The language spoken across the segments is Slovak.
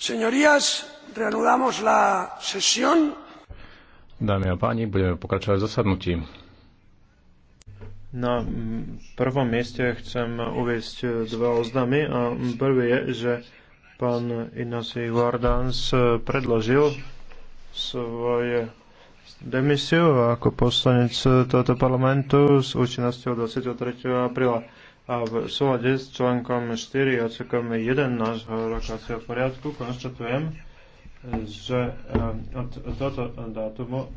Señorías, reanudamos la sesión. Dámy a páni, budeme pokračovať v zasadnutí. Na mm, prvom mieste chcem uviesť eh, dva oznamy. A mm, prvý je, že pán Inasi Vardans eh, predložil svoje demisiu ako poslanec eh, tohto parlamentu s účinnosťou 23. apríla a v súlade s článkom 4 odsekom 1 nášho rokovacieho poriadku konštatujem, že eh, od tohto dátumu eh,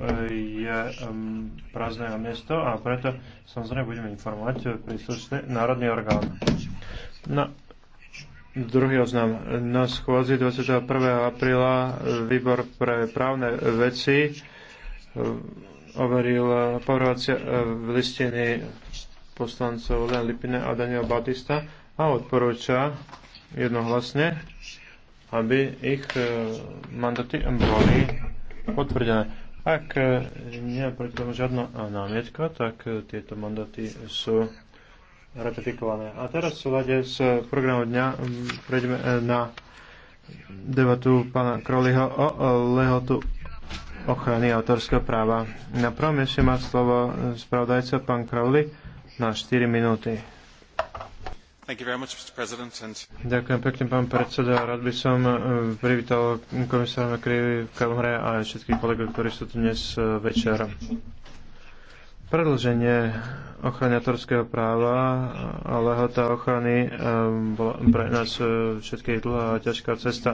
je prázdne miesto a preto samozrejme budeme informovať príslušný národný orgán. No, Druhý oznam. Na schôdzi 21. apríla výbor pre právne veci eh, overil povrhovacie listiny poslancov Len Lipine a Daniel Batista a odporúča jednohlasne, aby ich e, mandaty boli potvrdené. Ak e, nie je proti tomu žiadna námietka, tak e, tieto mandaty sú ratifikované. A teraz v súlade s programom dňa prejdeme na debatu pána Kroliho o lehotu ochrany autorského práva. Na prvom mieste má slovo spravodajca pán Crowley na 4 minúty. Much, And... Ďakujem pekne, pán predseda. Rád by som eh, privítal komisára Krivy v Kalmhre a všetkých kolegov, ktorí sú tu dnes eh, večer. Predlženie ochraňatorského práva eh, a lehota ochrany bola pre nás všetkých dlhá a ťažká cesta.